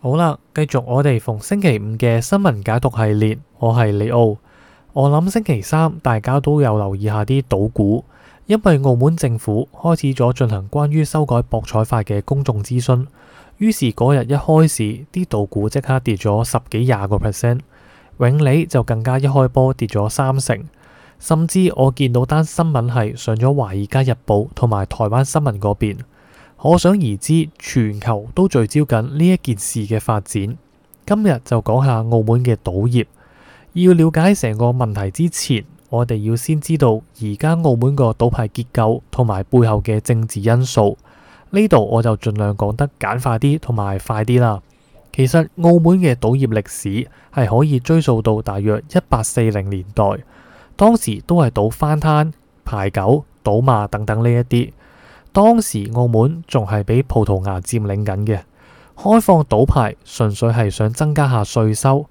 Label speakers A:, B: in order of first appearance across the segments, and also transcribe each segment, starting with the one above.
A: 好啦，繼續我哋逢星期五嘅新聞解讀系列，我係李奧。我諗星期三大家都有留意下啲賭股，因為澳門政府開始咗進行關於修改博彩法嘅公眾諮詢，於是嗰日一開始，啲賭股即刻跌咗十幾廿個 percent，永利就更加一開波跌咗三成，甚至我見到單新聞係上咗華爾街日報同埋台灣新聞嗰邊。可想而知，全球都聚焦緊呢一件事嘅發展。今日就講下澳門嘅賭業。要了解成個問題之前，我哋要先知道而家澳門個賭牌結構同埋背後嘅政治因素。呢度我就盡量講得簡化啲同埋快啲啦。其實澳門嘅賭業歷史係可以追溯到大約一八四零年代，當時都係賭翻攤、牌九、賭馬等等呢一啲。當時澳門仲係俾葡萄牙佔領緊嘅，開放賭牌純粹係想增加下稅收。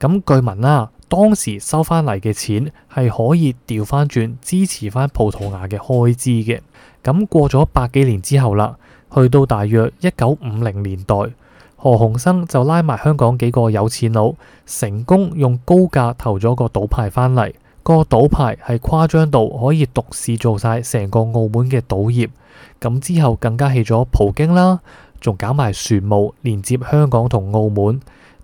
A: 咁據聞啦、啊，當時收翻嚟嘅錢係可以調翻轉支持翻葡萄牙嘅開支嘅。咁過咗百幾年之後啦，去到大約一九五零年代，何鴻燊就拉埋香港幾個有錢佬，成功用高價投咗個賭牌翻嚟。個賭牌係誇張到可以獨市做晒成個澳門嘅賭業。咁之後更加起咗葡京啦，仲搞埋船務連接香港同澳門，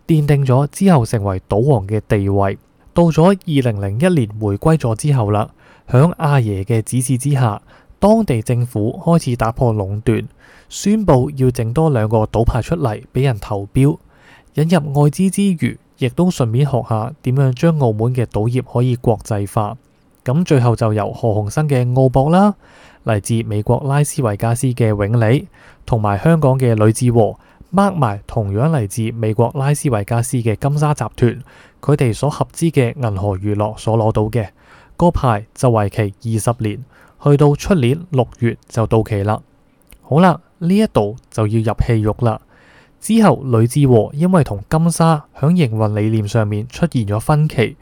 A: 奠定咗之後成為賭王嘅地位。到咗二零零一年回歸咗之後啦，響阿爺嘅指示之下，當地政府開始打破壟斷，宣佈要整多兩個賭牌出嚟俾人投標，引入外資之餘，亦都順便學下點樣將澳門嘅賭業可以國際化。咁最後就由何鴻燊嘅澳博啦。嚟自美國拉斯維加斯嘅永利，同埋香港嘅呂志和孖埋同樣嚟自美國拉斯維加斯嘅金沙集團，佢哋所合資嘅銀河娛樂所攞到嘅嗰牌就為期二十年，去到出年六月就到期啦。好啦，呢一度就要入戲肉啦。之後呂志和因為同金沙響營運理念上面出現咗分歧，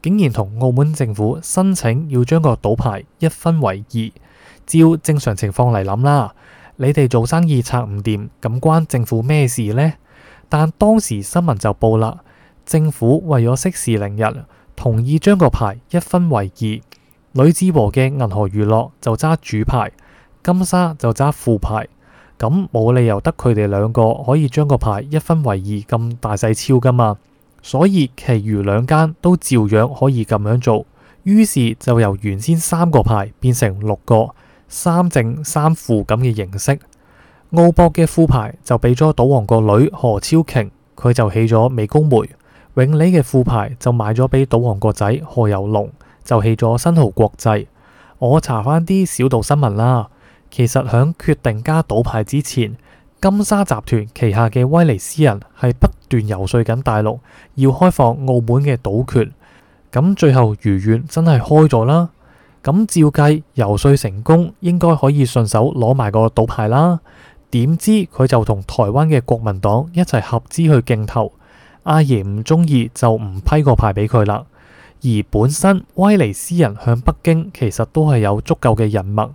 A: 竟然同澳門政府申請要將個賭牌一分為二。照正常情況嚟諗啦，你哋做生意拆唔掂，咁關政府咩事呢？但當時新聞就報啦，政府為咗息事寧人，同意將個牌一分為二，呂志和嘅銀河娛樂就揸主牌，金沙就揸副牌，咁冇理由得佢哋兩個可以將個牌一分為二咁大細超噶嘛，所以其餘兩間都照樣可以咁樣做，於是就由原先三個牌變成六個。三正三副咁嘅形式，澳博嘅副牌就俾咗賭王個女何超瓊，佢就起咗美高梅；永利嘅副牌就買咗俾賭王個仔何猷龍，就起咗新濠國際。我查翻啲小道新聞啦，其實響決定加賭牌之前，金沙集團旗下嘅威尼斯人係不斷游說緊大陸，要開放澳門嘅賭權，咁最後如願真係開咗啦。咁照計遊說成功，應該可以順手攞埋個賭牌啦。點知佢就同台灣嘅國民黨一齊合資去競投，阿爺唔中意就唔批個牌俾佢啦。而本身威尼斯人向北京其實都係有足夠嘅人脈，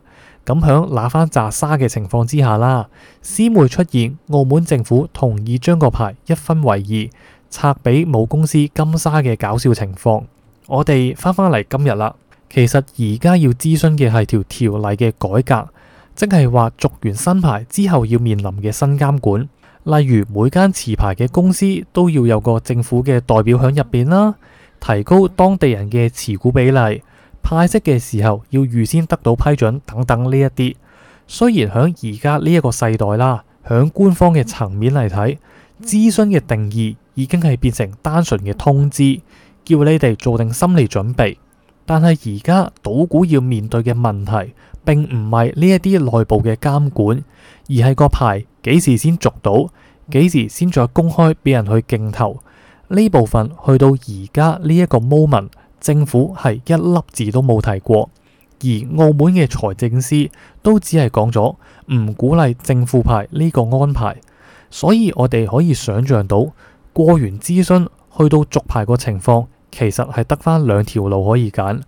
A: 咁響攞翻閘沙嘅情況之下啦，師妹出現澳門政府同意將個牌一分為二拆俾母公司金沙嘅搞笑情況，我哋翻返嚟今日啦。其實而家要諮詢嘅係條條例嘅改革，即係話續完新牌之後要面臨嘅新監管，例如每間持牌嘅公司都要有個政府嘅代表喺入邊啦，提高當地人嘅持股比例，派息嘅時候要預先得到批准等等呢一啲。雖然響而家呢一個世代啦，響官方嘅層面嚟睇，諮詢嘅定義已經係變成單純嘅通知，叫你哋做定心理準備。但係而家賭股要面對嘅問題，並唔係呢一啲內部嘅監管，而係個牌幾時先續到，幾時先再公開俾人去競投呢部分。去到而家呢一個 moment，政府係一粒字都冇提過，而澳門嘅財政司都只係講咗唔鼓勵政府牌呢個安排，所以我哋可以想象到過完諮詢去到續牌個情況。其實係得翻兩條路可以揀，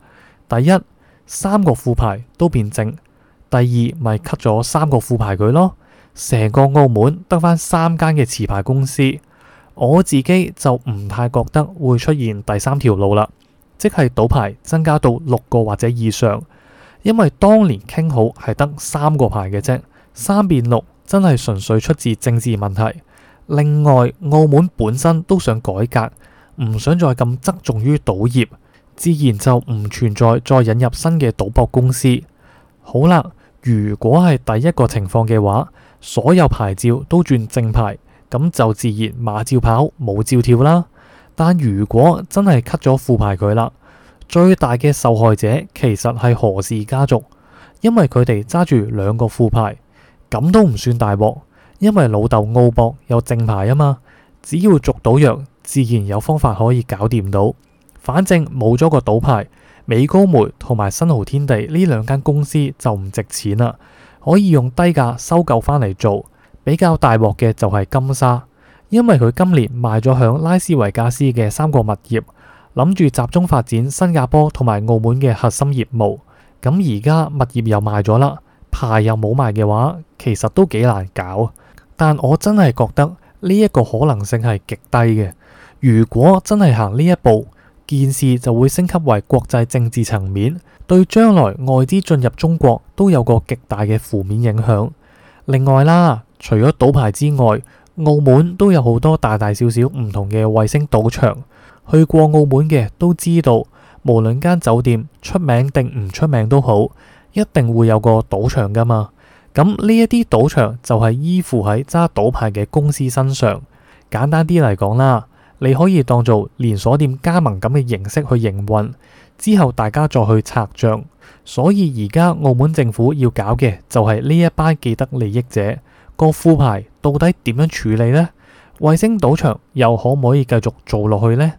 A: 第一三個副牌都變正，第二咪 cut 咗三個副牌佢咯，成個澳門得翻三間嘅持牌公司，我自己就唔太覺得會出現第三條路啦，即係賭牌增加到六個或者以上，因為當年傾好係得三個牌嘅啫，三變六真係純粹出自政治問題。另外，澳門本身都想改革。唔想再咁側重於賭業，自然就唔存在再引入新嘅賭博公司。好啦，如果係第一個情況嘅話，所有牌照都轉正牌，咁就自然馬照跑，冇照跳啦。但如果真係 cut 咗副牌佢啦，最大嘅受害者其實係何氏家族，因為佢哋揸住兩個副牌，咁都唔算大鑊，因為老豆澳博有正牌啊嘛，只要續到藥。自然有方法可以搞掂到，反正冇咗個賭牌，美高梅同埋新濠天地呢兩間公司就唔值錢啦，可以用低價收購翻嚟做。比較大鑊嘅就係金沙，因為佢今年賣咗響拉斯維加斯嘅三個物業，諗住集中發展新加坡同埋澳門嘅核心業務。咁而家物業又賣咗啦，牌又冇賣嘅話，其實都幾難搞。但我真係覺得呢一個可能性係極低嘅。如果真係行呢一步，件事就會升級為國際政治層面，對將來外資進入中國都有個極大嘅負面影響。另外啦，除咗賭牌之外，澳門都有好多大大小小唔同嘅衛星賭場。去過澳門嘅都知道，無論間酒店出名定唔出名都好，一定會有個賭場噶嘛。咁呢一啲賭場就係依附喺揸賭牌嘅公司身上。簡單啲嚟講啦。你可以當做連鎖店加盟咁嘅形式去營運，之後大家再去拆帳。所以而家澳門政府要搞嘅就係呢一班既得利益者，個副牌到底點樣處理呢？衛星賭場又可唔可以繼續做落去呢？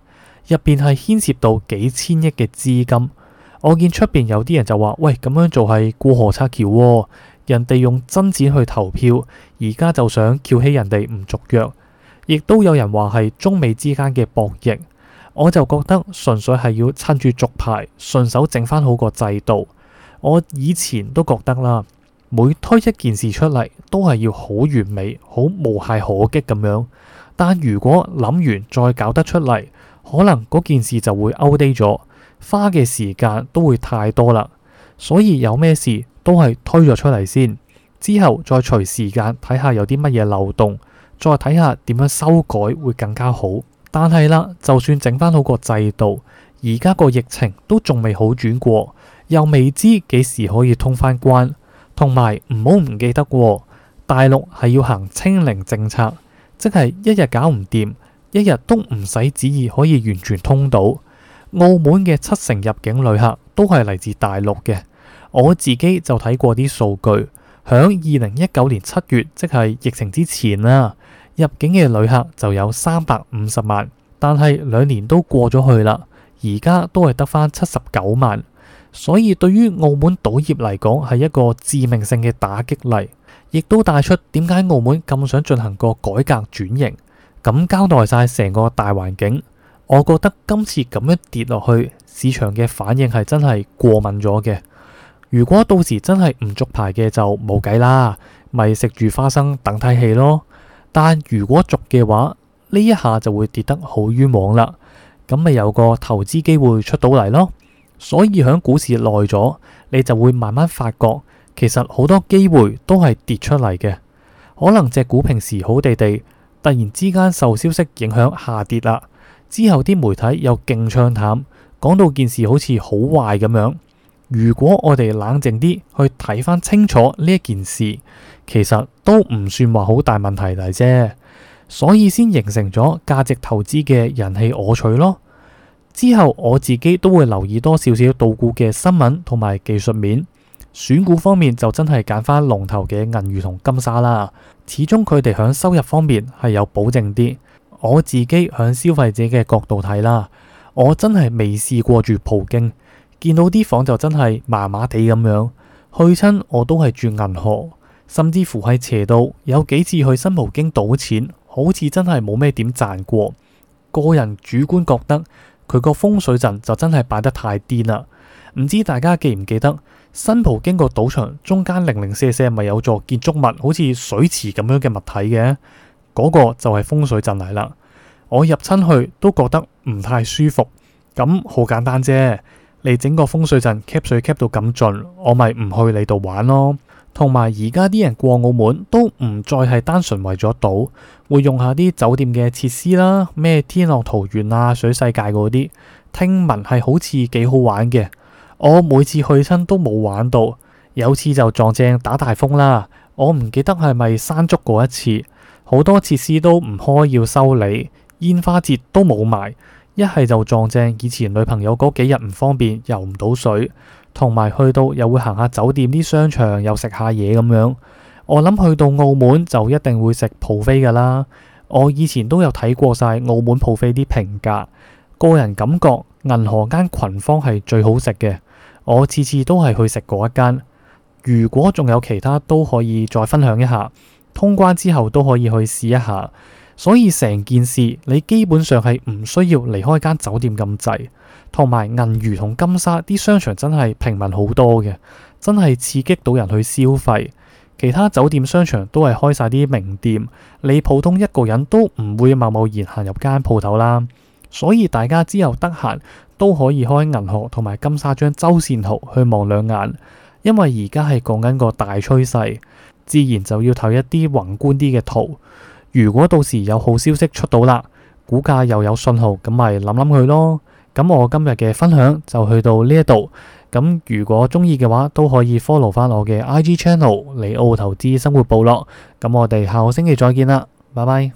A: 入邊係牽涉到幾千億嘅資金。我見出邊有啲人就話：喂，咁樣做係過河拆橋，啊，人哋用真錢去投票，而家就想撬起人哋唔續約。亦都有人話係中美之間嘅博弈，我就覺得純粹係要趁住續牌，順手整翻好個制度。我以前都覺得啦，每推一件事出嚟都係要好完美、好無懈可擊咁樣。但如果諗完再搞得出嚟，可能嗰件事就會 out 咗，花嘅時間都會太多啦。所以有咩事都係推咗出嚟先，之後再隨時間睇下有啲乜嘢漏洞。再睇下點樣修改會更加好。但係啦，就算整翻好個制度，而家個疫情都仲未好轉過，又未知幾時可以通返關。同埋唔好唔記得喎，大陸係要行清零政策，即係一日搞唔掂，一日都唔使旨意可以完全通到。澳門嘅七成入境旅客都係嚟自大陸嘅，我自己就睇過啲數據。喺二零一九年七月，即係疫情之前啦，入境嘅旅客就有三百五十萬，但係兩年都過咗去啦，而家都係得翻七十九萬，所以對於澳門賭業嚟講係一個致命性嘅打擊嚟，亦都帶出點解澳門咁想進行個改革轉型。咁交代晒成個大環境，我覺得今次咁樣跌落去，市場嘅反應係真係過敏咗嘅。如果到時真係唔續牌嘅就冇計啦，咪食住花生等睇戲咯。但如果續嘅話，呢一下就會跌得好冤枉啦，咁咪有個投資機會出到嚟咯。所以喺股市耐咗，你就會慢慢發覺，其實好多機會都係跌出嚟嘅。可能隻股平時好地地，突然之間受消息影響下跌啦，之後啲媒體又勁唱淡，講到件事好似好壞咁樣。如果我哋冷靜啲去睇翻清楚呢一件事，其實都唔算話好大問題嚟啫，所以先形成咗價值投資嘅人氣我取咯。之後我自己都會留意多少少賭股嘅新聞同埋技術面，選股方面就真係揀翻龍頭嘅銀娛同金沙啦。始終佢哋響收入方面係有保證啲。我自己響消費者嘅角度睇啦，我真係未試過住葡京。見到啲房就真係麻麻地咁樣，去親，我都係住銀河，甚至乎喺斜道有幾次去新葡京賭錢，好似真係冇咩點賺過。個人主觀覺得佢個風水陣就真係擺得太癲啦。唔知大家記唔記得新葡京個賭場中間零零四四咪有座建築物，好似水池咁樣嘅物體嘅嗰個就係風水陣嚟啦。我入親去都覺得唔太舒服，咁好簡單啫。你整個風水陣，cap 水 cap 到咁盡，我咪唔去你度玩咯。同埋而家啲人過澳門都唔再係單純為咗賭，會用下啲酒店嘅設施啦，咩天樂桃園啊、水世界嗰啲，聽聞係好似幾好玩嘅。我每次去親都冇玩到，有次就撞正打大風啦。我唔記得係咪山竹嗰一次，好多設施都唔開要修理，煙花節都冇埋。一係就撞正，以前女朋友嗰幾日唔方便，遊唔到水，同埋去到又會行下酒店啲商場，又食下嘢咁樣。我諗去到澳門就一定會食葡菲噶啦。我以前都有睇過晒澳門葡菲啲評價，個人感覺銀河間群芳係最好食嘅，我次次都係去食嗰一間。如果仲有其他都可以再分享一下，通關之後都可以去試一下。所以成件事，你基本上係唔需要離開間酒店咁滯，同埋銀娛同金沙啲商場真係平民好多嘅，真係刺激到人去消費，其他酒店商場都係開晒啲名店，你普通一個人都唔會貿貿然行入間鋪頭啦。所以大家之後得閒都可以開銀河同埋金沙張周線圖去望兩眼，因為而家係講緊個大趨勢，自然就要睇一啲宏觀啲嘅圖。如果到時有好消息出到啦，股價又有信號，咁咪諗諗佢咯。咁我今日嘅分享就去到呢一度。咁如果中意嘅話，都可以 follow 翻我嘅 I G channel 李奧投資生活部落。咁我哋下個星期再見啦，拜拜。